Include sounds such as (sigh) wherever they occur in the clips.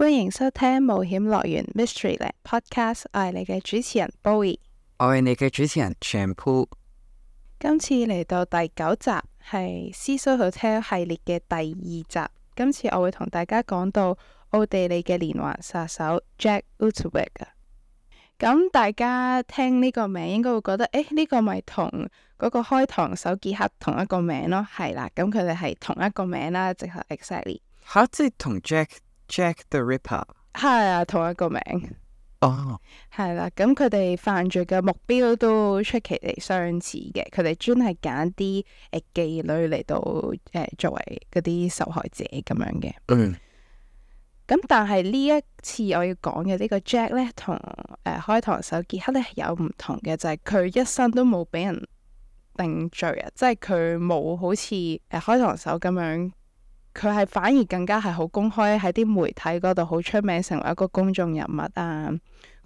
歡迎收聽冒險樂園 Mysteryland Podcast，我係你嘅主持人 Boey，我係你嘅主持人 Champu。今次嚟到第九集係《Cecil Hotel》系列嘅第二集，今次我會同大家講到奧地利嘅連環殺手 Jack Unterweger 啊。咁、嗯、大家聽呢個名應該會覺得誒，呢、這個咪同嗰個開膛手傑克同一個名咯，係啦，咁佢哋係同一個名啦，即係 exactly 吓，即係同 Jack。Jack the Ripper 係啊，同一個名哦，係啦、oh.，咁佢哋犯罪嘅目標都出奇地相似嘅，佢哋專係揀啲誒妓女嚟到誒作為嗰啲受害者咁樣嘅。嗯，咁但係呢一次我要講嘅呢個 Jack 咧，堂呢同誒開膛手傑克咧係有唔同嘅，就係、是、佢一生都冇俾人定罪啊，即係佢冇好似誒開膛手咁樣。佢係反而更加係好公開喺啲媒體嗰度好出名，成為一個公眾人物啊！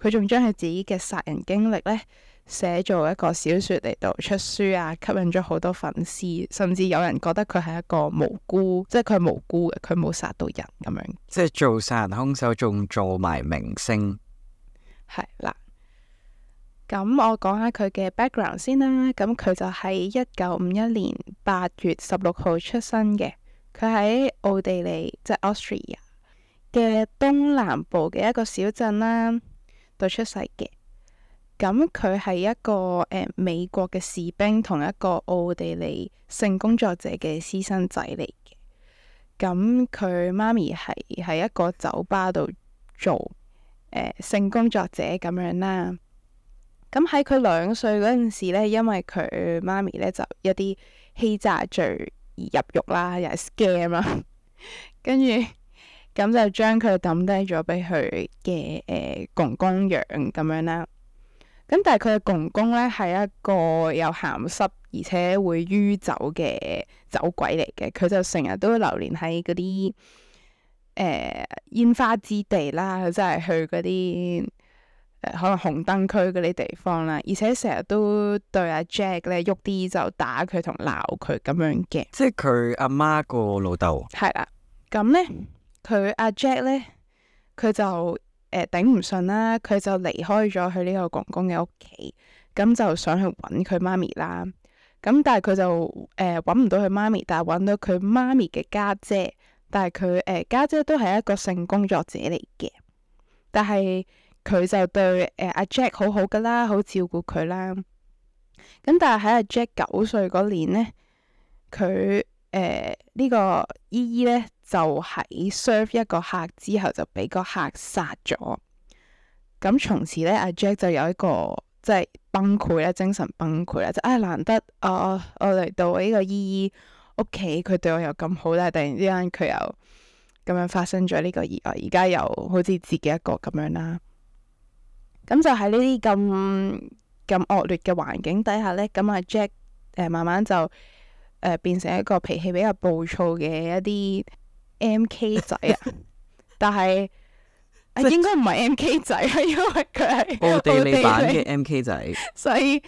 佢仲將佢自己嘅殺人經歷呢寫做一個小說嚟到出書啊，吸引咗好多粉絲，甚至有人覺得佢係一個無辜，即係佢係無辜嘅，佢冇殺到人咁樣。即係做殺人兇手，仲做埋明星。係啦，咁我講下佢嘅 background 先啦。咁佢就喺一九五一年八月十六號出生嘅。佢喺奧地利即係 Austria 嘅東南部嘅一個小鎮啦度出世嘅，咁佢係一個誒、呃、美國嘅士兵同一個奧地利性工作者嘅私生仔嚟嘅，咁佢媽咪係喺一個酒吧度做誒、呃、性工作者咁樣啦，咁喺佢兩歲嗰陣時咧，因為佢媽咪咧就有一啲欺詐罪。而入獄啦，又係 game 啦，跟住咁就將佢抌低咗俾佢嘅誒公公養咁樣啦。咁但係佢嘅公公咧，係一個有鹹濕而且會酗酒嘅酒鬼嚟嘅。佢就成日都流連喺嗰啲誒煙花之地啦，佢真係去嗰啲。可能紅燈區嗰啲地方啦，而且成日都對阿 Jack 咧喐啲就打佢同鬧佢咁樣嘅。即係佢阿媽個老豆。係啦，咁咧佢阿 Jack 咧，佢就誒、呃、頂唔順啦，佢就離開咗佢呢個公公嘅屋企，咁、嗯、就想去揾佢媽咪啦。咁、嗯、但係佢就誒揾唔到佢媽咪，但係揾到佢媽咪嘅家姐，但係佢誒家姐都係一個性工作者嚟嘅，但係。佢就對誒阿、呃、Jack 好好噶啦，好照顧佢啦。咁但係喺阿 Jack 九歲嗰年呢，佢誒呢個姨姨呢，就喺、是、serve 一個客之後就俾個客殺咗。咁、嗯、從此呢，阿、啊、Jack 就有一個即係、就是、崩潰啦，精神崩潰啦。就哎難得啊、哦、我嚟到呢個姨姨屋企，佢對我又咁好，但突然之間佢又咁樣發生咗呢、這個意外，而家又好似自己一個咁樣啦。咁就喺呢啲咁咁惡劣嘅環境底下咧，咁阿、啊、Jack 誒、呃、慢慢就誒、呃、變成一個脾氣比較暴躁嘅一啲 MK 仔啊，但係啊，應該唔係 MK 仔啊，因為佢係奧地利版嘅 MK 仔， (laughs) 所以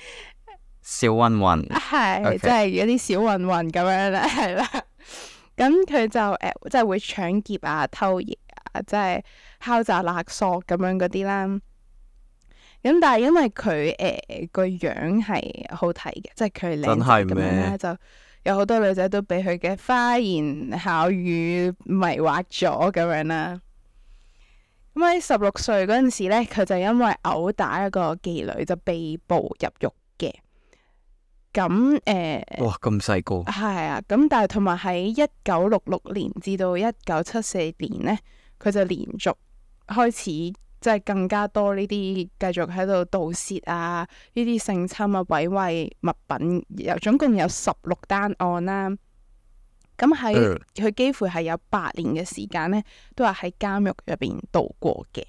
小混混係即係一啲小混混咁樣咧，係啦。咁 (laughs) 佢就誒即係會搶劫啊、偷嘢啊，即、就、係、是、敲詐勒，勒索咁樣嗰啲啦。咁、嗯、但係因為佢誒、欸、個樣係好睇嘅，即係佢靚咁樣咧，就有好多女仔都俾佢嘅花言巧語迷惑咗咁樣啦。咁喺十六歲嗰陣時咧，佢就因為毆打一個妓女就被捕入獄嘅。咁誒，欸、哇咁細個係啊！咁但係同埋喺一九六六年至到一九七四年咧，佢就連續開始。即係更加多呢啲繼續喺度盜竊啊，呢啲性侵啊、毀壞物品，有總共有十六單案啦、啊。咁喺佢幾乎係有八年嘅時間呢，都係喺監獄入邊度過嘅。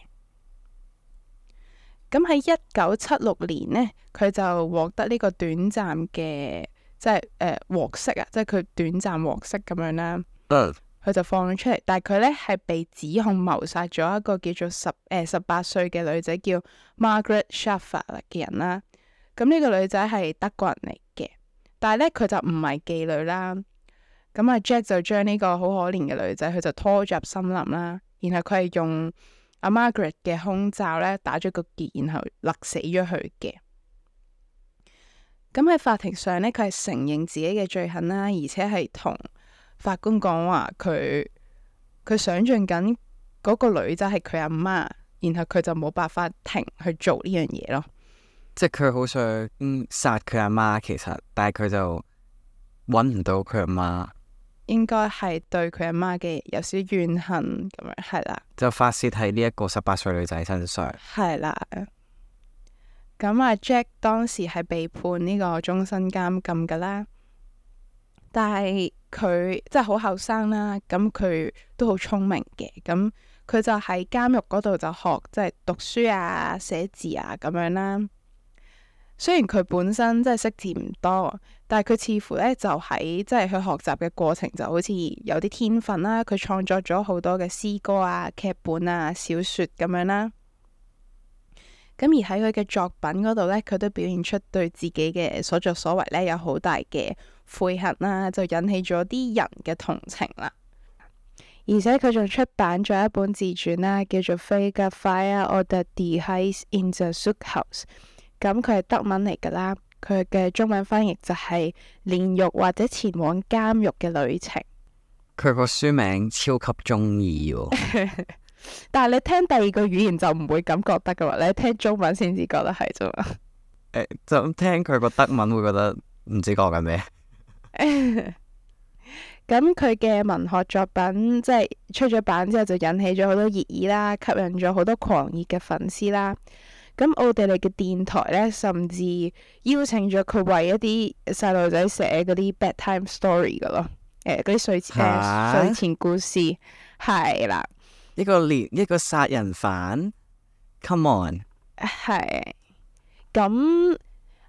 咁喺一九七六年呢，佢就獲得呢個短暫嘅即係誒獲釋啊，即係佢短暫獲釋咁樣啦、啊。Uh. 佢就放咗出嚟，但係佢咧係被指控謀殺咗一個叫做十誒十八歲嘅女仔，叫 Margaret Schaffer 嘅人啦。咁、這、呢個女仔係德國人嚟嘅，但係咧佢就唔係妓女啦。咁阿 Jack 就將呢個好可憐嘅女仔，佢就拖咗入森林啦，然後佢係用阿 Margaret 嘅胸罩咧打咗個結，然後勒死咗佢嘅。咁喺法庭上咧，佢係承認自己嘅罪行啦，而且係同，法官講話佢佢想象緊嗰個女仔係佢阿媽，然後佢就冇辦法停去做呢樣嘢咯。即係佢好想殺佢阿媽，其實但係佢就揾唔到佢阿媽。應該係對佢阿媽嘅有少少怨恨咁樣，係啦。就發泄喺呢一個十八歲女仔身上。係啦。咁啊，Jack 當時係被判呢個終身監禁噶啦。但係佢即係好後生啦，咁佢都好聰明嘅，咁佢就喺監獄嗰度就學即係、就是、讀書啊、寫字啊咁樣啦。雖然佢本身即係識字唔多，但係佢似乎呢，就喺即係佢學習嘅過程就好似有啲天分啦。佢創作咗好多嘅詩歌啊、劇本啊、小說咁樣啦。咁而喺佢嘅作品嗰度呢，佢都表現出對自己嘅所作所為呢，有好大嘅。悔恨啦、啊，就引起咗啲人嘅同情啦、啊。而且佢仲出版咗一本自傳啦、啊，叫做《Fugitive of the Device in the Suit House》。咁佢係德文嚟噶啦，佢嘅中文翻譯就係《煉獄或者前往監獄嘅旅程》。佢個書名超級中意、哦， (laughs) 但係你聽第二個語言就唔會咁覺得噶啦，你聽中文先至覺得係啫嘛。誒，就咁聽佢個德文會覺得唔知講緊咩？ (laughs) 咁佢嘅文學作品即係出咗版之後就引起咗好多熱議啦，吸引咗好多狂熱嘅粉絲啦。咁、嗯、奧地利嘅電台呢，甚至邀請咗佢為一啲細路仔寫嗰啲 bedtime story 噶咯，嗰啲睡前故事係啦一。一個連一個殺人犯，come on，係、嗯。咁、嗯、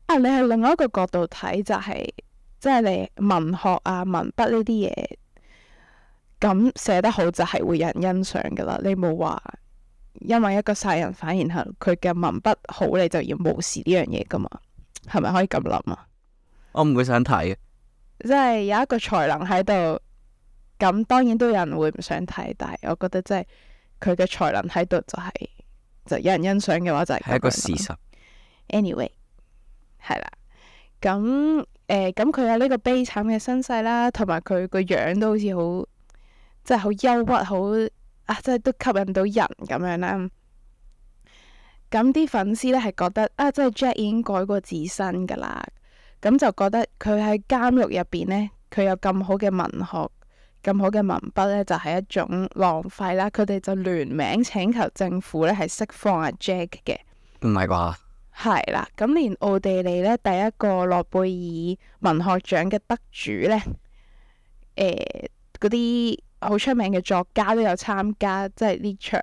啊，你喺另外一個角度睇就係、是。即係你文學啊文筆呢啲嘢，咁寫得好就係會有人欣賞噶啦。你冇話因為一個殺人犯然後佢嘅文筆好，你就要無視呢樣嘢噶嘛？係咪可以咁諗啊？我唔會想睇啊。即係有一個才能喺度，咁當然都有人會唔想睇，但係我覺得即係佢嘅才能喺度，就係，就係就有人欣賞嘅話就係，係，一個事實。Anyway，係啦，咁。誒，咁佢、呃嗯、有呢個悲慘嘅身世啦，同埋佢個樣都好似好，即係好憂鬱，好啊，即係都吸引到人咁樣啦。咁、嗯、啲粉絲咧係覺得啊，即係 Jack 已經改過自身噶啦，咁就覺得佢喺監獄入邊咧，佢有咁好嘅文學，咁好嘅文筆咧，就係一種浪費啦。佢哋就聯名請求政府咧，係釋放阿 Jack 嘅。唔係啩？ (noise) 係啦，咁、嗯、連奧地利咧第一個諾貝爾文學獎嘅得主咧，誒嗰啲好出名嘅作家都有參加，即係呢場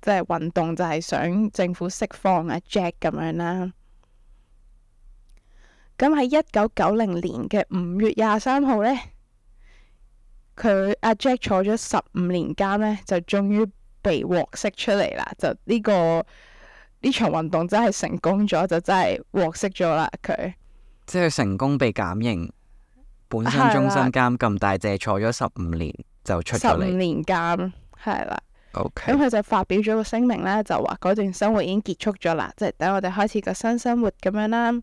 即係運動就係想政府釋放阿、啊、Jack 咁樣啦、啊。咁喺一九九零年嘅五月廿三號咧，佢阿、啊、Jack 坐咗十五年監咧，就終於被獲釋出嚟啦，就呢、這個。呢場運動真係成功咗，就真係獲釋咗啦佢。即係成功被減刑，本身終身監禁大隻 (noise) 坐咗十五年就出嚟。十五年監係啦。OK，咁佢、嗯、就發表咗個聲明咧，就話嗰段生活已經結束咗啦，即、就、係、是、等我哋開始個新生活咁樣啦。咁、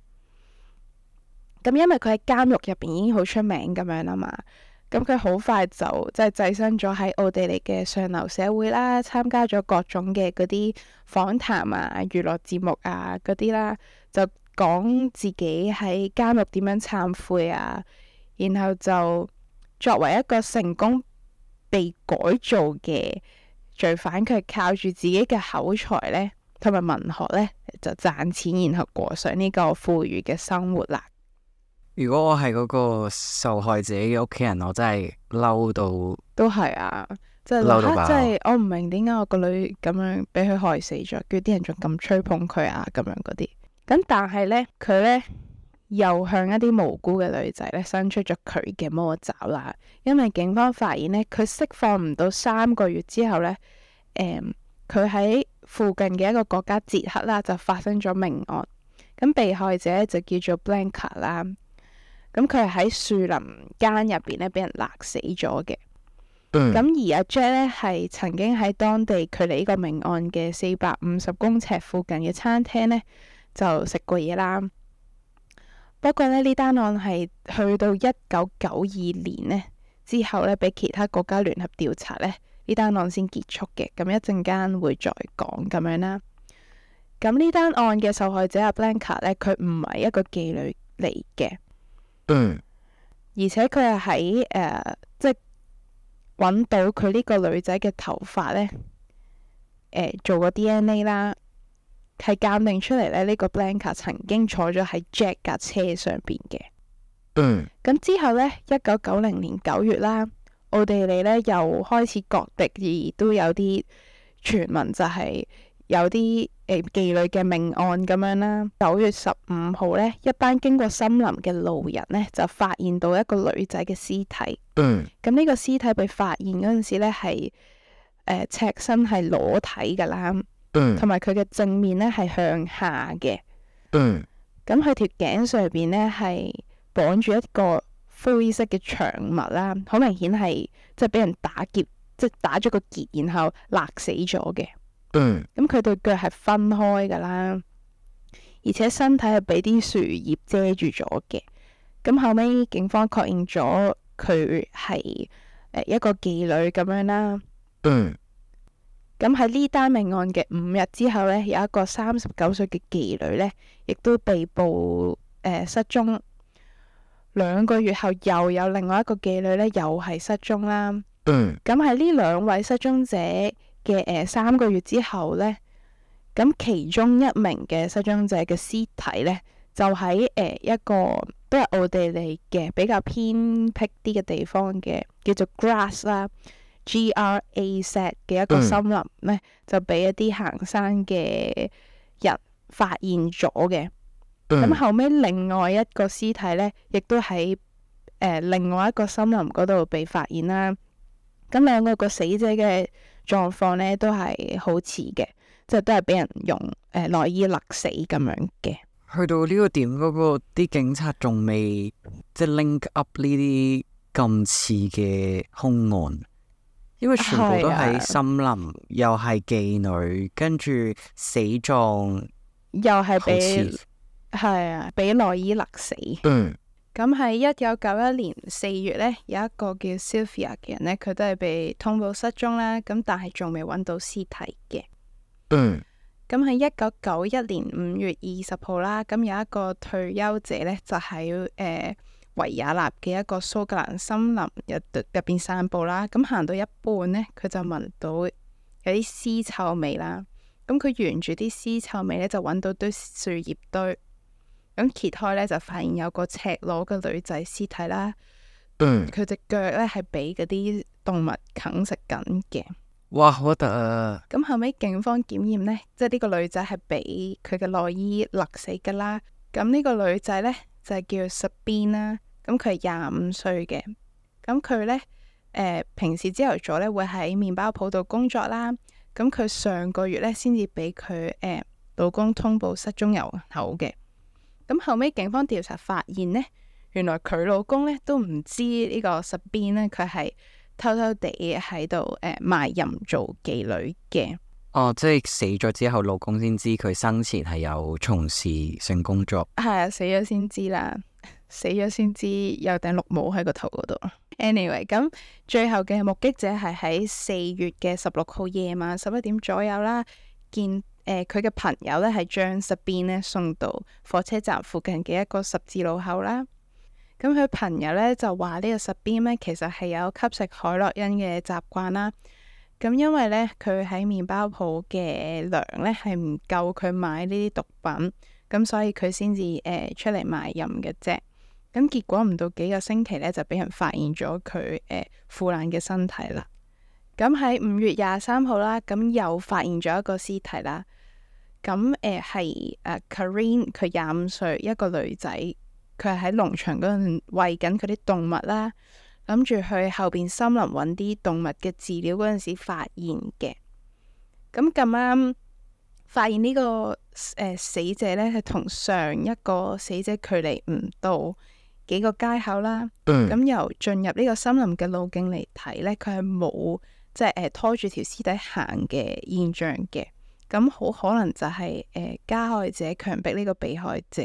嗯、因為佢喺監獄入邊已經好出名咁樣啦嘛。嗯咁佢好快就即係躋身咗喺奧地利嘅上流社會啦，參加咗各種嘅嗰啲訪談啊、娛樂節目啊嗰啲啦，就講自己喺監獄點樣懺悔啊，然後就作為一個成功被改造嘅罪犯，佢靠住自己嘅口才咧同埋文學咧就賺錢，然後過上呢個富裕嘅生活啦。如果我係嗰個受害者嘅屋企人，我真係嬲到都係啊！真係嬲到，即係，即係我唔明點解我個女咁樣俾佢害死咗，叫啲人仲咁吹捧佢啊，咁樣嗰啲。咁但係咧，佢咧又向一啲無辜嘅女仔咧，伸出咗佢嘅魔爪啦。因為警方發現咧，佢釋放唔到三個月之後咧，誒、嗯，佢喺附近嘅一個國家捷克啦，就發生咗命案。咁，被害者就叫做 Blanka 啦。咁佢係喺樹林間入邊呢，俾人勒死咗嘅。咁、嗯、而阿、啊、Jack 呢，係曾經喺當地距離呢個命案嘅四百五十公尺附近嘅餐廳呢，就食過嘢。啦不過咧，呢單案係去到一九九二年呢之後呢，俾其他國家聯合調查呢，呢單案先結束嘅。咁一陣間會再講咁樣啦。咁呢單案嘅受害者阿、啊、Blanca 呢，佢唔係一個妓女嚟嘅。嗯，而且佢係喺誒，即係揾到佢呢個女仔嘅頭髮呢、呃，做過 D N A 啦，係鑑定出嚟咧。呢、這個 Blanca、er、曾經坐咗喺 Jack 架車上邊嘅。嗯，咁之後呢，一九九零年九月啦，奧地利呢又開始角敵而都有啲傳聞就係、是。有啲誒、呃、妓女嘅命案咁樣啦。九月十五號咧，一班經過森林嘅路人咧，就發現到一個女仔嘅屍體。嗯。咁呢個屍體被發現嗰陣時咧，係誒、呃、赤身係裸體噶啦。嗯。同埋佢嘅正面咧係向下嘅。嗯。咁佢、嗯、條頸上邊咧係綁住一個灰色嘅長物啦，好明顯係即係俾人打劫，即係打咗個結，然後勒死咗嘅。嗯，咁佢、嗯、對腳係分開噶啦，而且身體係俾啲樹葉遮住咗嘅。咁、嗯、後尾警方確認咗佢係一個妓女咁樣啦。嗯，咁喺呢單命案嘅五日之後呢，有一個三十九歲嘅妓女呢亦都被報誒、呃、失蹤。兩個月後，又有另外一個妓女呢又係失蹤啦。嗯，咁喺呢兩位失蹤者，嘅誒，三個月之後咧，咁其中一名嘅失蹤者嘅屍體咧，就喺誒一個都係奧地利嘅比較偏僻啲嘅地方嘅，叫做 grass 啦，G, ras, G R A Z 嘅一個森林咧，嗯、就俾一啲行山嘅人發現咗嘅。咁、嗯、後尾另外一個屍體咧，亦都喺誒、呃、另外一個森林嗰度被發現啦。咁兩個個死者嘅，狀況咧，都係好似嘅，即係都係俾人用誒呃、內衣勒死咁樣嘅去到呢個點，嗰個啲警察仲未即係 link up 呢啲咁似嘅凶案，因為全部都係森林，啊、又係妓女，跟住死狀又係俾係啊，俾內衣勒死。嗯咁喺一九九一年四月呢，有一個叫 Sophia 嘅人呢，佢都係被通報失蹤啦，咁但係仲未揾到屍體嘅。咁喺一九九一年五月二十號啦，咁有一個退休者呢，就喺、是、誒、呃、維也納嘅一個蘇格蘭森林入入邊散步啦，咁行到一半呢，佢就聞到有啲屍臭味啦，咁佢沿住啲屍臭味呢，就揾到堆樹葉堆。咁揭開咧，就發現有個赤裸嘅女仔屍體啦。嗯，佢隻腳咧係俾嗰啲動物啃食緊嘅。哇，好核突啊！咁後尾警方檢驗咧，即係呢個女仔係俾佢嘅內衣勒死噶啦。咁呢個女仔咧就係叫 Subin 啦。咁佢係廿五歲嘅。咁佢咧誒，平時朝頭早咧會喺麵包鋪度工作啦。咁佢上個月咧先至俾佢誒老公通報失蹤人口嘅。咁後尾警方調查發現呢，原來佢老公咧都唔知呢個十 u b 咧，佢係偷偷地喺度誒賣淫做妓女嘅。哦，即係死咗之後，老公先知佢生前係有從事性工作。係啊，死咗先知啦，死咗先知有頂綠帽喺個頭嗰度。Anyway，咁最後嘅目擊者係喺四月嘅十六號夜晚十一點左右啦，見。誒，佢嘅、呃、朋友咧，係將 Sabine 咧送到火車站附近嘅一個十字路口啦。咁、嗯、佢朋友咧就話呢個 Sabine 咧其實係有吸食海洛因嘅習慣啦。咁、嗯、因為咧佢喺麵包鋪嘅糧咧係唔夠佢買呢啲毒品，咁、嗯、所以佢先至誒出嚟賣淫嘅啫。咁、嗯、結果唔到幾個星期咧就俾人發現咗佢誒腐爛嘅身體啦。咁喺五月廿三號啦，咁又發現咗一個屍體啦。咁誒係、呃、誒、啊、Karen 佢廿五歲，一個女仔，佢係喺農場嗰陣喂緊佢啲動物啦，諗住去後邊森林搵啲動物嘅飼料嗰陣時發現嘅。咁咁啱發現呢、這個誒、呃、死者咧，係同上一個死者距離唔到幾個街口啦。咁、嗯、由進入呢個森林嘅路徑嚟睇咧，佢係冇。即係誒拖住條屍體行嘅現象嘅，咁好可能就係、是、誒、呃、加害者強迫呢個被害者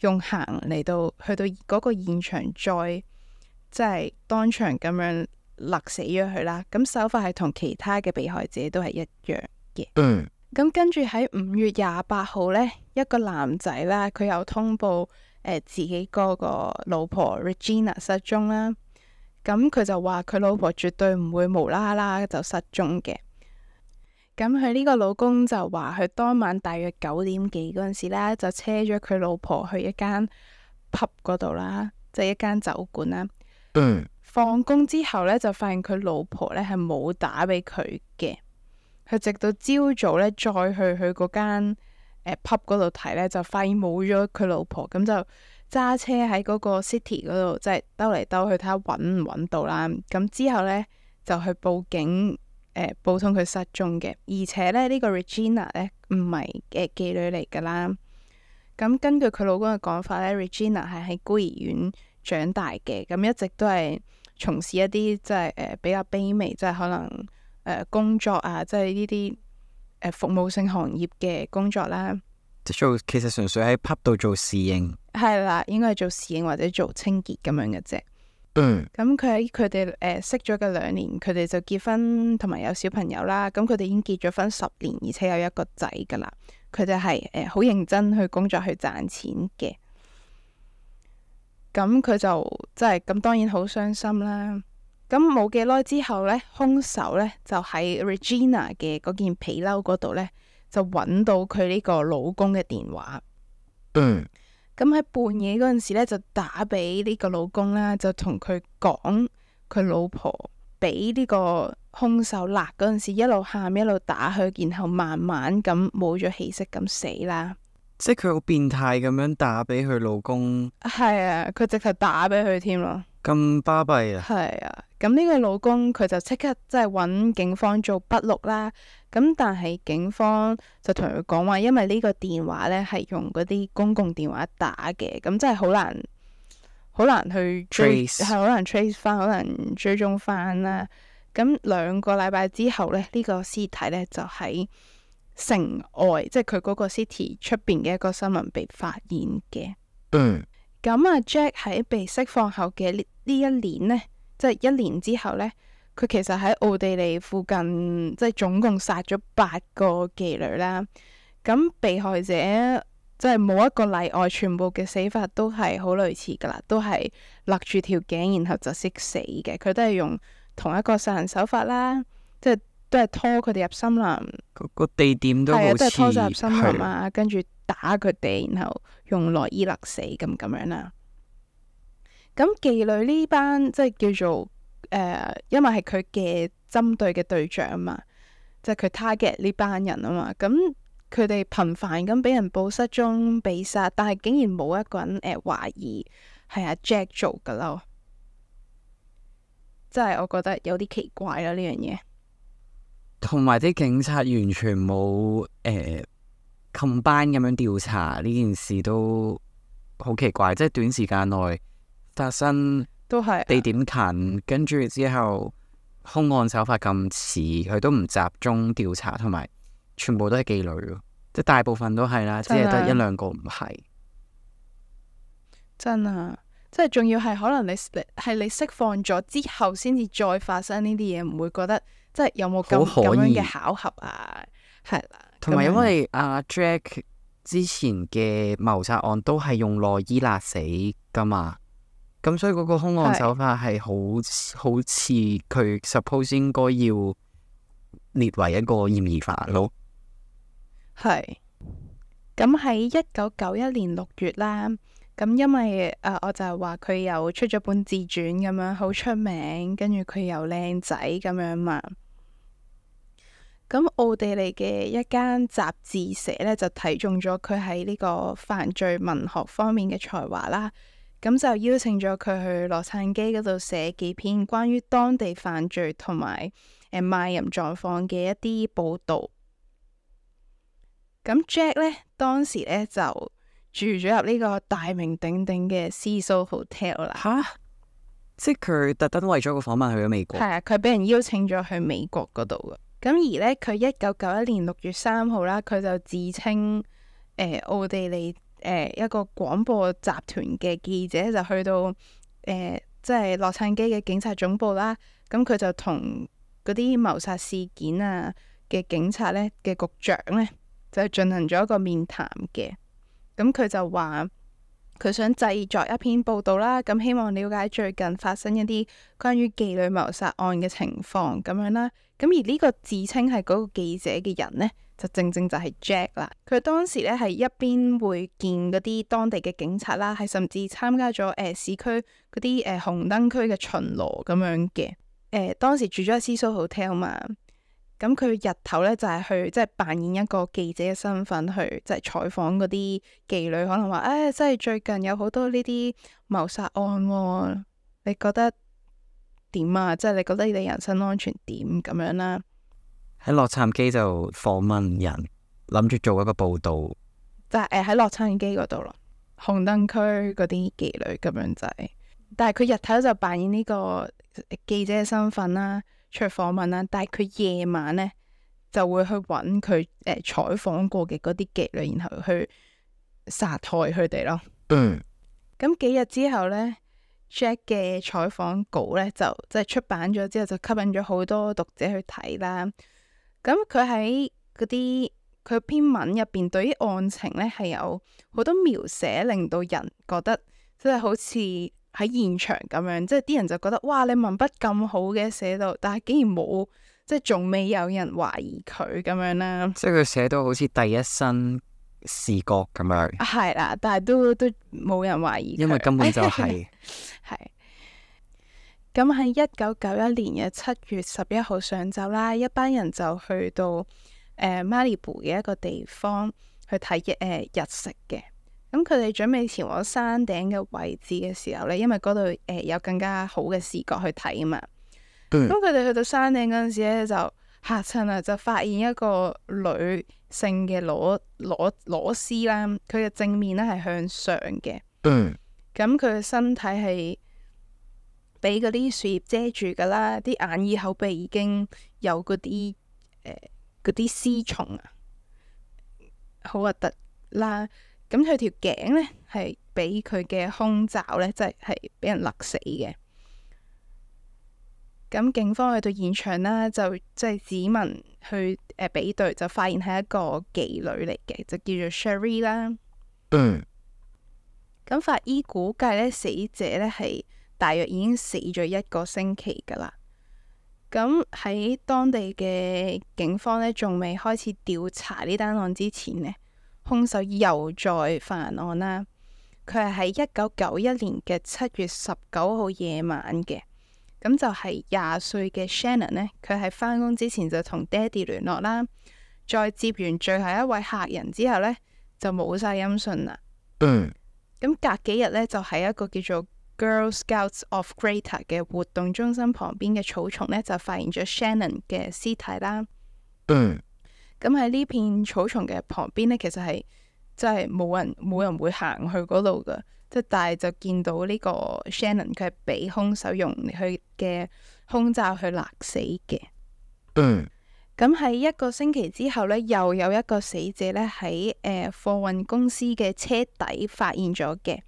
用行嚟到去到嗰個現場再，再即係當場咁樣勒死咗佢啦。咁手法係同其他嘅被害者都係一樣嘅。嗯。咁跟住喺五月廿八號咧，一個男仔啦，佢又通報誒自己嗰個老婆 Regina 失蹤啦。咁佢就話佢老婆絕對唔會無啦啦就失蹤嘅。咁佢呢個老公就話佢當晚大約九點幾嗰陣時啦，就車咗佢老婆去一間 pub 嗰度啦，即係一間酒館啦。嗯。放工之後咧，就發現佢老婆咧係冇打俾佢嘅。佢直到朝早咧再去佢嗰間誒 pub 嗰度睇咧，就發現冇咗佢老婆，咁就。揸車喺嗰個 city 嗰度，即係兜嚟兜去，睇下搵唔搵到啦。咁之後呢，就去報警，誒，報通佢失蹤嘅。而且咧呢個 Regina 呢，唔係誒妓女嚟噶啦。咁根據佢老公嘅講法呢，Regina 係喺孤兒院長大嘅，咁一直都係從事一啲即係誒比較卑微，即係可能誒工作啊，即係呢啲服務性行業嘅工作啦。即做其實純粹喺 pub 度做侍應。係啦，應該係做侍應或者做清潔咁樣嘅啫。嗯。咁佢佢哋誒識咗嘅兩年，佢哋就結婚同埋有小朋友啦。咁佢哋已經結咗婚十年，而且有一個仔噶啦。佢哋係誒好認真去工作去賺錢嘅。咁佢就即係咁，當然好傷心啦。咁冇幾耐之後咧，兇手咧就喺 Regina 嘅嗰件皮褸嗰度咧，就揾到佢呢個老公嘅電話。嗯。咁喺半夜嗰陣時咧，就打俾呢個老公啦，就同佢講佢老婆俾呢個兇手辣嗰陣時，一路喊一路打佢，然後慢慢咁冇咗氣息咁死啦。即係佢好變態咁樣打俾佢老公。係啊，佢直頭打俾佢添咯。咁巴閉啊！係啊，咁呢個老公佢就即刻即係搵警方做筆錄啦。咁但係警方就同佢講話，因為呢個電話咧係用嗰啲公共電話打嘅，咁真係好難，好難去追，trace 係好難 trace 翻，可能追蹤翻啦。咁兩個禮拜之後咧，呢個屍體咧就喺城外，即係佢嗰個 city 出邊嘅一個新聞被發現嘅。嗯。咁阿 Jack 喺被釋放後嘅呢呢一年咧，即係一年之後咧。佢其實喺奧地利附近，即係總共殺咗八個妓女啦。咁被害者即係冇一個例外，全部嘅死法都係好類似噶啦，都係勒住條頸，然後就識死嘅。佢都係用同一個殺人手法啦，即係都係拖佢哋入森林，個個地點都係、啊、都係拖咗入森林啊，跟住是打佢哋，然後用內衣勒死咁咁樣啦。咁妓女呢班即係叫做。誒，uh, 因為係佢嘅針對嘅對象嘛，即、就、係、是、佢 target 呢班人啊嘛，咁佢哋頻繁咁俾人報失蹤被殺，但係竟然冇一個人誒、uh, 懷疑係阿 Jack 做噶啦，即係我覺得有啲奇怪啦呢樣嘢，同埋啲警察完全冇誒冚班咁樣調查呢件事都好奇怪，即係短時間內發生。都係、啊、地點近，跟住之後凶案手法咁似，佢都唔集中調查，同埋全部都係妓女，即係大部分都係啦，即係得一兩個唔係。真啊！即係仲要係可能你係你釋放咗之後，先至再發生呢啲嘢，唔會覺得即係有冇咁好可疑咁樣嘅巧合啊？係啦、啊，同埋因為阿、啊嗯、Jack 之前嘅謀殺案都係用內衣勒死噶嘛。咁所以嗰個凶案手法係是好好似佢 suppose 應該要列為一個嫌疑犯咯。係咁喺一九九一年六月啦，咁因為誒、呃、我就係話佢又出咗本自傳咁樣好出名，跟住佢又靚仔咁樣嘛。咁奧地利嘅一間雜誌社咧就睇中咗佢喺呢個犯罪文學方面嘅才華啦。咁就邀請咗佢去洛杉磯嗰度寫幾篇關於當地犯罪同埋誒賣淫狀況嘅一啲報導。咁 Jack 咧當時咧就住咗入呢個大名鼎鼎嘅 Cecil Hotel 啦。吓、啊？即係佢特登為咗個訪問去咗美國。係啊，佢俾人邀請咗去美國嗰度嘅。咁而咧佢一九九一年六月三號啦，佢就自稱誒、呃、奧地利。誒一個廣播集團嘅記者就去到誒，即係洛杉磯嘅警察總部啦，咁佢就同嗰啲謀殺事件啊嘅警察呢嘅局長呢就進行咗一個面談嘅，咁佢就話，佢想製作一篇報道啦，咁希望了解最近發生一啲關於妓女謀殺案嘅情況咁樣啦。咁而呢個自稱係嗰個記者嘅人咧，就正正就係 Jack 啦。佢當時咧係一邊會見嗰啲當地嘅警察啦，係甚至參加咗誒、呃、市區嗰啲誒紅燈區嘅巡邏咁樣嘅。誒、呃、當時住咗喺 Cecil Hotel 嘛。咁佢日頭咧就係、是、去即係、就是、扮演一個記者嘅身份去即係採訪嗰啲妓女，可能話誒，即、哎、係最近有好多呢啲謀殺案、哦，你覺得點啊？即、就、係、是、你覺得你哋人身安全點咁樣啦、啊？喺洛杉磯就訪問人，諗住做一個報道，就誒喺洛杉磯嗰度咯，紅燈區嗰啲妓女咁樣仔、就是，但係佢日頭就扮演呢個記者嘅身份啦、啊。出去訪問啦，但係佢夜晚咧就會去揾佢誒採訪過嘅嗰啲妓女，然後去殺害佢哋咯。嗯，咁幾日之後咧，Jack 嘅採訪稿咧就即係、就是、出版咗之後，就吸引咗好多讀者去睇啦。咁佢喺嗰啲佢篇文入邊，對於案情咧係有好多描寫，令到人覺得即係好似。喺現場咁樣，即係啲人就覺得哇，你文筆咁好嘅寫到，但係竟然冇，即係仲未有人懷疑佢咁樣啦。即係佢寫到好似第一身視覺咁樣。係啦、啊，但係都都冇人懷疑。因為根本就係、是、係。咁喺一九九一年嘅七月十一號上晝啦，一班人就去到誒 Malibu 嘅一個地方去睇日食嘅。咁佢哋準備前往山頂嘅位置嘅時候咧，因為嗰度誒有更加好嘅視覺去睇啊嘛。咁佢哋去到山頂嗰陣時咧，就嚇親啦，就發現一個女性嘅裸裸裸屍啦。佢嘅正面咧係向上嘅，咁佢嘅身體係俾嗰啲樹葉遮住噶啦。啲眼耳口鼻已經有嗰啲誒嗰啲絲蟲啊，好核突啦。咁佢條頸呢，係俾佢嘅胸罩呢，即係係俾人勒死嘅。咁警方去到現場啦，就即係指紋去誒比對，就發現係一個妓女嚟嘅，就叫做 Sherry 啦。嗯。咁法醫估計呢，死者呢係大約已經死咗一個星期噶啦。咁喺當地嘅警方呢，仲未開始調查呢單案之前呢。凶手又再犯案啦！佢係喺一九九一年嘅七月十九號夜晚嘅，咁就係廿歲嘅 Shannon 咧，佢係翻工之前就同爹哋聯絡啦，再接完最後一位客人之後咧，就冇晒音訊啦。嗯，咁隔幾日咧就喺一個叫做 Girl Scouts of Greater 嘅活動中心旁邊嘅草叢咧就發現咗 Shannon 嘅屍體啦。嗯。咁喺呢片草叢嘅旁邊咧，其實係真係冇人冇人會行去嗰度噶，即係但係就見到呢個 Shannon 佢係俾凶手用佢嘅胸罩去勒死嘅。嗯。咁喺一個星期之後咧，又有一個死者咧喺誒貨運公司嘅車底發現咗嘅，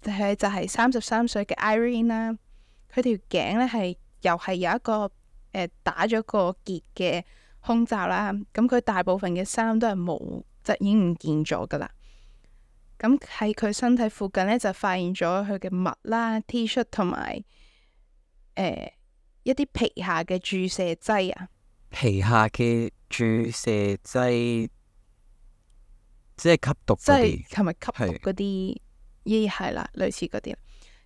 就係就係三十三歲嘅 Irene 啦，佢條頸咧係又係有一個誒打咗個結嘅。通罩啦，咁佢大部分嘅衫都係冇，就已經唔見咗噶啦。咁喺佢身體附近呢，就發現咗佢嘅襪啦、T 恤同埋誒一啲皮下嘅注射劑啊。皮下嘅注射劑，即係吸毒，即係係咪吸毒嗰啲？咦是，係啦，類似嗰啲。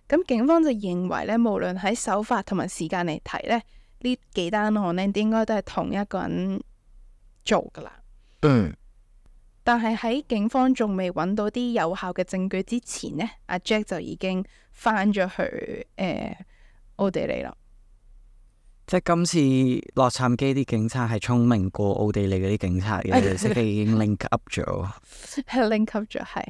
咁警方就認為呢，無論喺手法同埋時間嚟睇呢。呢幾單案咧，應該都係同一個人做噶啦。嗯。但係喺警方仲未揾到啲有效嘅證據之前呢，阿 Jack 就已經翻咗去誒奧地利啦。即係今次洛杉磯啲警察係聰明過奧地利嗰啲警察嘅，識得 (laughs) 已經 link up 咗。係 (laughs) link up 咗係。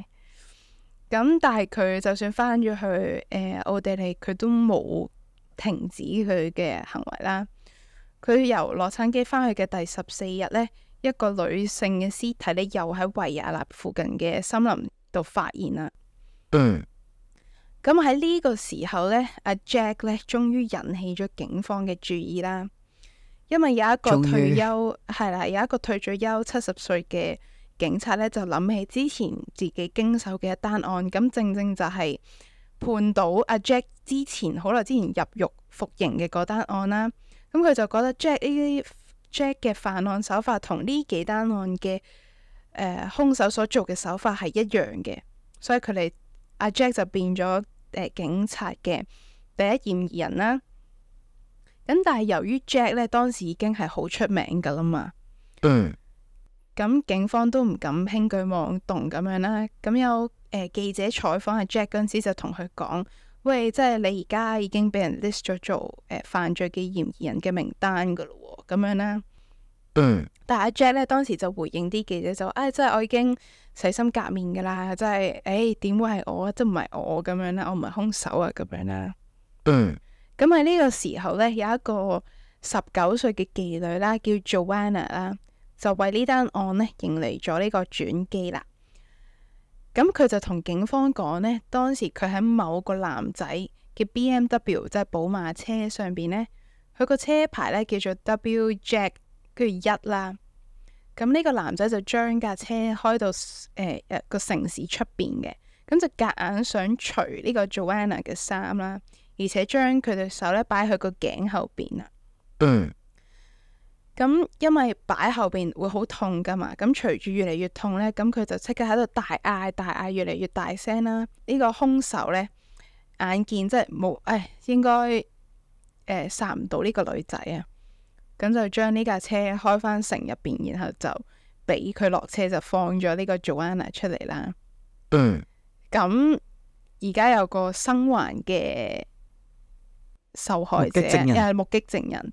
咁但係佢就算翻咗去誒奧地利，佢都冇。停止佢嘅行為啦！佢由洛杉磯返去嘅第十四日呢，一個女性嘅屍體呢，又喺維也納附近嘅森林度發現啦。嗯。咁喺呢個時候呢，阿 Jack 呢，終於引起咗警方嘅注意啦。因為有一個退休係啦於，有一個退咗休七十歲嘅警察呢，就諗起之前自己經手嘅一單案，咁正正就係、是。判到阿 Jack 之前好耐之前入獄服刑嘅嗰單案啦，咁佢就覺得 Jack 呢啲 Jack 嘅犯案手法同呢幾單案嘅誒凶手所做嘅手法係一樣嘅，所以佢哋阿 Jack 就變咗誒、呃、警察嘅第一嫌疑人啦。咁但係由於 Jack 咧當時已經係好出名噶啦嘛，嗯，咁警方都唔敢輕舉妄動咁樣啦，咁有。誒、呃，記者採訪阿 Jack 嗰陣時，就同佢講：喂，即係你而家已經俾人 list 咗做誒、呃、犯罪嘅嫌疑人嘅名單噶啦，咁樣啦。嗯、但係、啊、Jack 咧當時就回應啲記者就：唉、哎，即係我已經洗心革面噶啦，即係誒點會係我？即唔係我咁樣咧？我唔係兇手啊咁樣啦。嗯。咁喺呢個時候咧，有一個十九歲嘅妓女啦，叫做 Joanna 啦，就為呢單案咧迎嚟咗呢個轉機啦。咁佢就同警方講呢，當時佢喺某個男仔嘅 B M W，即係寶馬車上邊呢，佢個車牌咧叫做 W Jack 跟住一啦。咁呢個男仔就將架車開到誒、欸呃、個城市出邊嘅，咁就夾硬想除呢個 Joanna 嘅衫啦，而且將佢對手咧擺喺個頸後邊啦。嗯咁因為擺後邊會好痛噶嘛，咁隨住越嚟越痛咧，咁佢就即刻喺度大嗌大嗌，越嚟越大聲啦。這個、兇呢個凶手咧，眼見即係冇，唉，應該誒殺唔到呢個女仔啊，咁就將呢架車開返城入邊，然後就俾佢落車就放咗呢個 Joanna 出嚟啦。嗯，咁而家有個生還嘅受害者，誒目擊證人。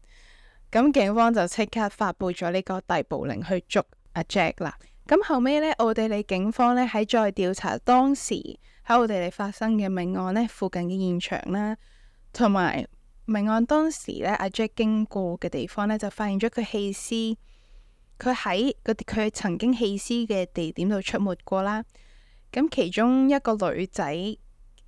咁警方就即刻發布咗呢個逮捕令去捉阿 Jack 啦。咁後尾呢，奧地利警方呢，喺再調查當時喺奧地利發生嘅命案呢附近嘅現場啦，同埋命案當時呢，阿 Jack 經過嘅地方呢，就發現咗佢棄屍，佢喺佢曾經棄屍嘅地點度出沒過啦。咁其中一個女仔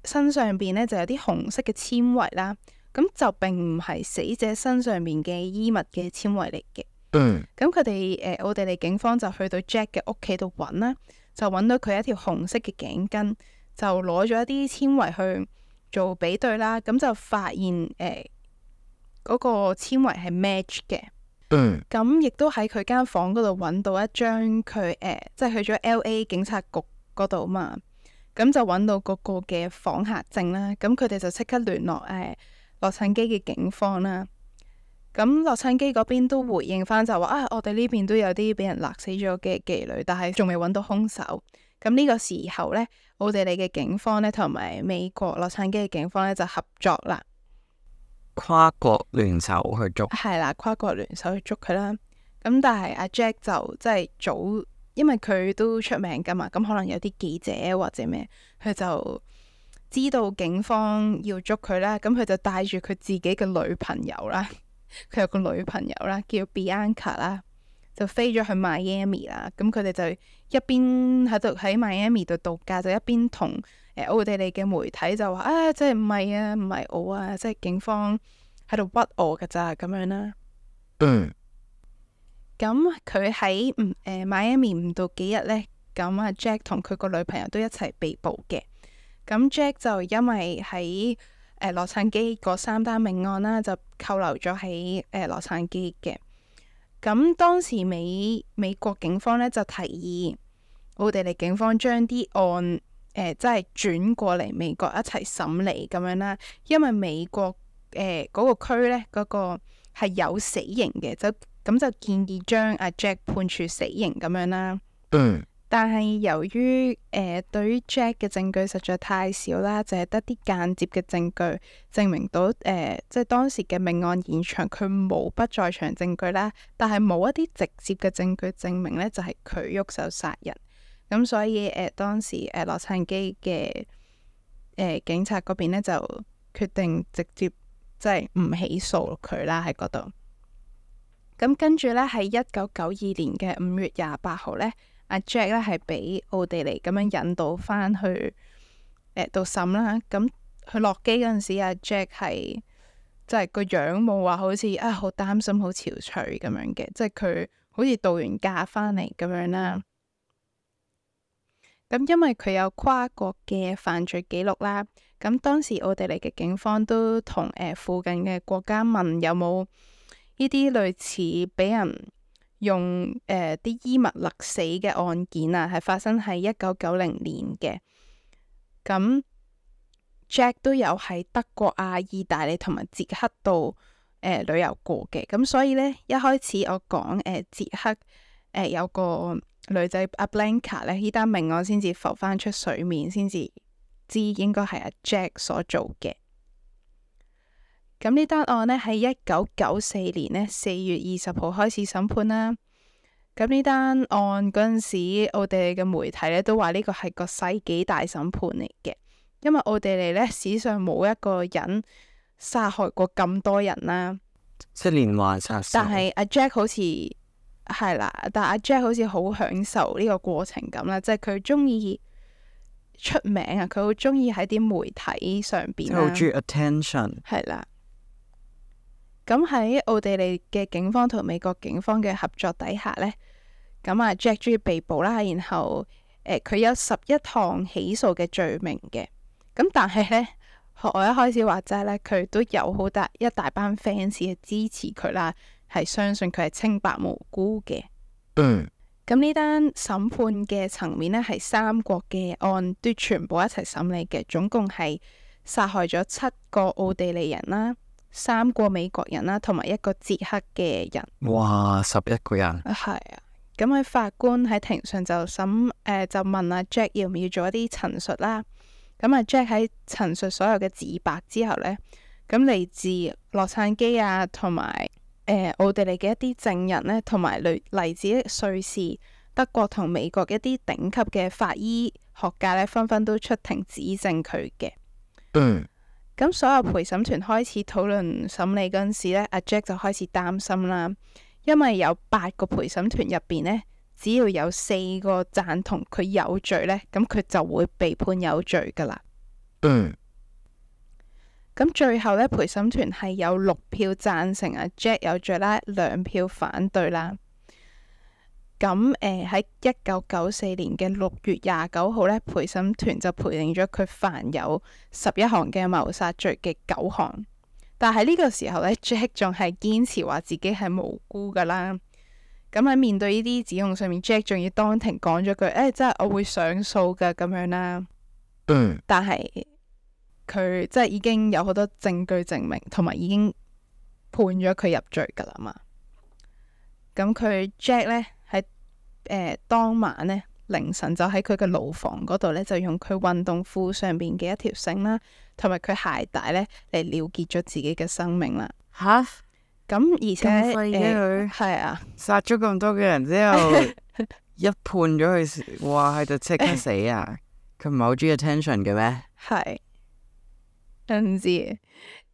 身上邊呢，就有啲紅色嘅纖維啦。咁就並唔係死者身上面嘅衣物嘅纖維嚟嘅。嗯。咁佢哋誒，奧地利警方就去到 Jack 嘅屋企度揾啦，就揾到佢一條紅色嘅頸巾，就攞咗一啲纖維去做比對啦。咁就發現誒嗰、呃那個纖維係 match 嘅。嗯。咁亦都喺佢間房嗰度揾到一張佢誒，即、呃、係、就是、去咗 L.A. 警察局嗰度嘛。咁就揾到嗰個嘅訪客證啦。咁佢哋就即刻聯絡誒。呃洛杉磯嘅警方啦，咁洛杉磯嗰邊都回應翻就話啊，我哋呢邊都有啲俾人勒死咗嘅妓女，但係仲未揾到兇手。咁呢個時候呢，奧地利嘅警方呢，同埋美國洛杉磯嘅警方呢，就合作啦，跨國聯手去捉。係啦，跨國聯手去捉佢啦。咁但係阿、啊、Jack 就即係早，因為佢都出名噶嘛，咁可能有啲記者或者咩，佢就。知道警方要捉佢啦，咁佢就帶住佢自己嘅女朋友啦，佢有個女朋友啦，叫 Bianca 啦，就飛咗去 Miami 啦。咁佢哋就一邊喺度喺 Miami 度度假，就一邊同誒奧地利嘅媒體就話：啊，即係唔係啊，唔係我啊，即係警方喺度屈我㗎咋咁樣啦。嗯。咁佢喺唔誒 Miami 唔到幾日咧，咁阿 Jack 同佢個女朋友都一齊被捕嘅。咁 Jack 就因為喺誒、呃、洛杉磯嗰三單命案啦，就扣留咗喺誒洛杉磯嘅。咁、啊、當時美美國警方咧就提議，奧地利警方將啲案誒即係轉過嚟美國一齊審理咁樣啦。因為美國誒嗰、呃那個區咧嗰、那個係有死刑嘅，就咁就建議將阿、啊、Jack 判處死刑咁樣啦。嗯但係由於誒、呃、對於 Jack 嘅證據實在太少啦，淨係、是、得啲間接嘅證據證明到誒，即、呃、係、就是、當時嘅命案現場佢冇不在場證據啦，但係冇一啲直接嘅證據證明咧就係佢喐手殺人。咁所以誒、呃、當時誒、呃、洛杉磯嘅誒警察嗰邊咧就決定直接即係唔起訴佢啦喺嗰度。咁跟住咧喺一九九二年嘅五月廿八號咧。阿 Jack 咧係俾奧地利咁樣引渡翻去誒度、uh，審啦。咁佢落機嗰陣時，阿 Jack 係即係個樣冇話好似啊好擔心、好憔悴咁樣嘅，即係佢好似度完假翻嚟咁樣啦。咁因為佢有跨國嘅犯罪記錄啦，咁當時奧地利嘅警方都同誒、uh，附近嘅國家問有冇依啲類似俾人用誒啲、呃、衣物勒死嘅案件啊，係發生喺一九九零年嘅。咁 Jack 都有喺德國、啊、意大利同埋捷克度誒、呃、旅遊過嘅。咁所以咧，一開始我講誒、呃、捷克誒、呃、有個女仔阿 Blanka 咧，依單命案先至浮翻出水面，先至知應該係阿 Jack 所做嘅。咁呢單案咧喺一九九四年咧四月二十號開始審判啦。咁呢單案嗰陣時，奧地利嘅媒體咧都話呢個係個世紀大審判嚟嘅，因為奧地利咧史上冇一個人殺害過咁多人啦，即係連環殺手。但係阿、啊、Jack 好似係啦，但阿、啊、Jack 好似好享受呢個過程咁啦，即係佢中意出名啊，佢好中意喺啲媒體上邊，即係好中意 attention，係啦。咁喺奧地利嘅警方同美國警方嘅合作底下呢，咁啊 Jack 中意被捕啦，然後佢、呃、有十一項起訴嘅罪名嘅，咁但係咧我一開始話齋呢，佢都有好大一大班 fans 係支持佢啦，係相信佢係清白無辜嘅。咁呢單審判嘅層面呢，係三國嘅案都全部一齊審理嘅，總共係殺害咗七個奧地利人啦。三個美國人啦，同埋一個捷克嘅人。哇！十一個人。係啊，咁喺法官喺庭上就審，誒、呃、就問阿、啊、Jack 要唔要做一啲陳述啦。咁啊 Jack 喺陳述所有嘅自白之後呢，咁嚟自洛杉磯啊，同埋誒奧地利嘅一啲證人呢，同埋嚟嚟自瑞士、德國同美國一啲頂級嘅法醫學家呢，紛紛都出庭指證佢嘅。嗯。咁所有陪審團開始討論審理嗰陣時咧，阿 Jack 就開始擔心啦，因為有八個陪審團入邊呢，只要有四個贊同佢有罪呢，咁佢就會被判有罪噶啦。嗯。咁最後呢，陪審團係有六票贊成阿 Jack 有罪啦，兩票反對啦。咁誒，喺一九九四年嘅六月廿九號咧，陪審團就評定咗佢犯有十一項嘅謀殺罪嘅九項。但係呢個時候咧，Jack 仲係堅持話自己係無辜噶啦。咁喺面對呢啲指控上面，Jack 仲要當庭講咗句誒，即、欸、係我會上訴噶咁樣啦。嗯、但係佢即係已經有好多證據證明，同埋已經判咗佢入罪噶啦嘛。咁佢 Jack 咧？誒，當晚咧凌晨就喺佢嘅牢房嗰度咧，就用佢運動褲上邊嘅一條繩啦，同埋佢鞋帶咧嚟，了結咗自己嘅生命啦。吓？咁，而且佢係啊，殺咗咁多嘅人之後，一判咗佢，哇，係就即刻死啊！佢唔係好中意 attention 嘅咩？係都唔知。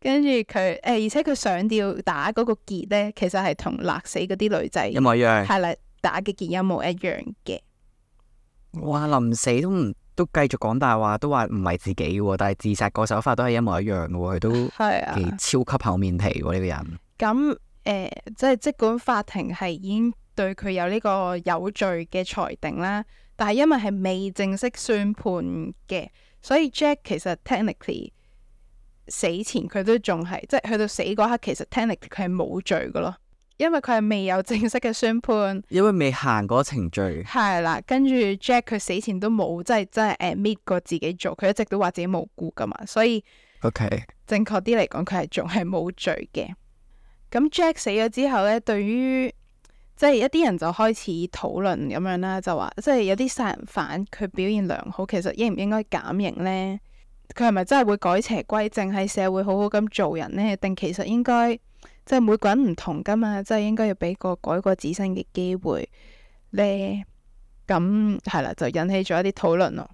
跟住佢誒，而且佢上吊打嗰個結咧，其實係同勒死嗰啲女仔一模一樣。係啦。打嘅件一模一樣嘅，哇！臨死都唔都繼續講大話，都話唔係自己喎，但係自殺個手法都係一模一樣嘅喎，佢都係啊，超級厚面皮喎，呢、呢個人。咁誒、嗯呃，即係，即管法庭係已經對佢有呢個有罪嘅裁定啦，但係因為係未正式宣判嘅，所以 Jack 其實 technically 死前佢都仲係，即係去到死嗰刻，其實 technically 佢係冇罪嘅咯。因為佢係未有正式嘅宣判，因為未行過程序。係啦，跟住 Jack 佢死前都冇即係真係 admit 過自己做，佢一直都話自己無辜噶嘛，所以 OK。Okay. 正確啲嚟講，佢係仲係冇罪嘅。咁 Jack 死咗之後咧，對於即係一啲人就開始討論咁樣啦，就話即係有啲殺人犯佢表現良好，其實應唔應該減刑咧？佢係咪真係會改邪歸正喺社會好好咁做人咧？定其實應該？即係每個人唔同噶嘛，即係應該要俾個改過自身嘅機會咧。咁係啦，就引起咗一啲討論咯。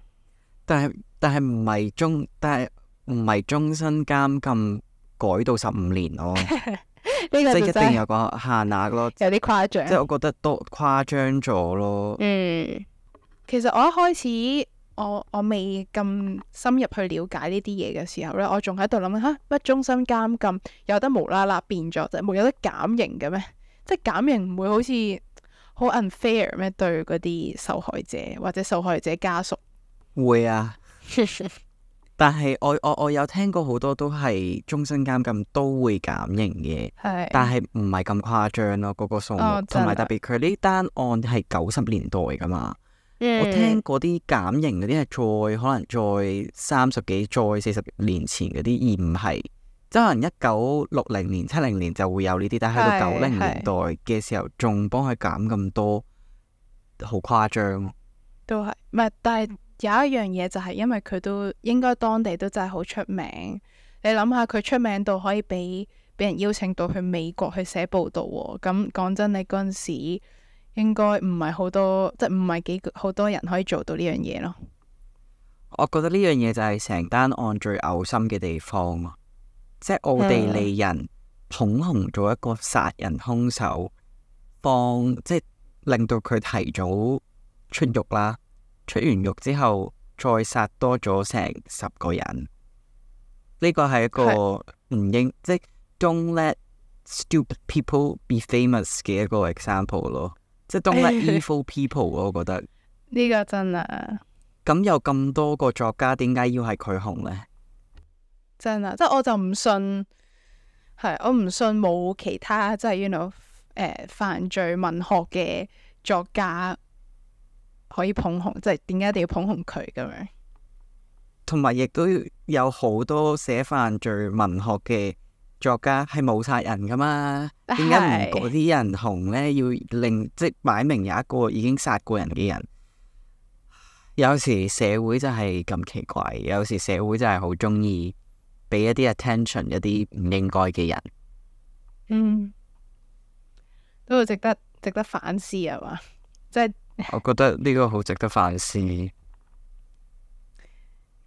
但係但係唔係終，但係唔係終身監禁改到十五年咯。 (laughs) 你就 呢個即係一定有個限額咯。 (laughs) 有啲誇張。即係我覺得都誇張咗咯。嗯，其實我一開始。我我未咁深入去了解呢啲嘢嘅時候呢，我仲喺度諗吓，乜終身監禁有得無啦啦變咗，即冇有得減刑嘅咩？即係減刑唔會好似好 unfair 咩？對嗰啲受害者或者受害者家屬會啊， (laughs) 但係我我我有聽過好多都係終身監禁都會減刑嘅，是但係唔係咁誇張咯，嗰、嗰個數目，同埋、哦、特別佢呢單案係九十年代噶嘛。Mm hmm. 我聽嗰啲減刑嗰啲係再可能再三十幾再四十年前嗰啲，而唔係即可能一九六零年七零年就會有呢啲，但喺個九零年代嘅時候仲幫佢減咁多，好誇張。都係，唔係？但係有一樣嘢就係因為佢都應該當地都真係好出名。你諗下佢出名到可以俾俾人邀請到去美國去寫報道喎、哦。咁講真，你嗰陣時。應該唔係好多，即係唔係幾好多人可以做到呢樣嘢咯。我覺得呢樣嘢就係成單案最嘔心嘅地方，即係奧地利人捧紅咗一個殺人兇手，幫，即係令到佢提早出獄啦。出完獄之後，再殺多咗成十個人。呢個係一個唔應是即 Don't let stupid people be famous 嘅一個 example 咯。都係 evil people， (laughs) 我覺得呢個真啊。咁有咁多個作家，點解要係佢紅咧？真啊！即係我就唔信，係我唔信冇其他即係，you know，誒、呃、犯罪文學嘅作家可以捧紅，即係點解一定要捧紅佢咁樣？同埋亦都有好多寫犯罪文學嘅作家係冇殺人噶嘛，點解唔嗰啲人紅咧？要令即擺明有一個已經殺過人嘅人，有時社會真係咁奇怪，有時社會真係好中意俾一啲 attention 一啲唔應該嘅人。嗯，都好值得值得反思呀嘛。即係我覺得呢個好值得反思。咁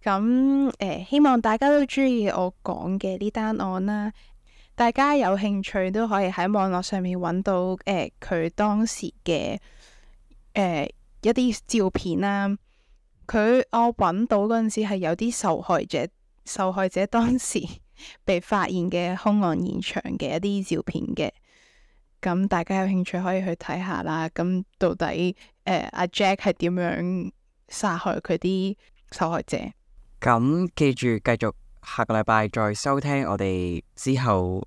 誒、 (laughs) 就是 (laughs) 嗯，希望大家都鍾意我講嘅呢單案啦。大家有興趣都可以喺網絡上面揾到誒佢、欸、當時嘅誒、欸、一啲照片啦、啊。佢我揾到嗰陣時係有啲受害者受害者當時被發現嘅兇案現場嘅一啲照片嘅。咁大家有興趣可以去睇下啦。咁到底阿、欸、Jack 係點樣殺害佢啲受害者？咁記住，繼續下個禮拜再收聽我哋之後。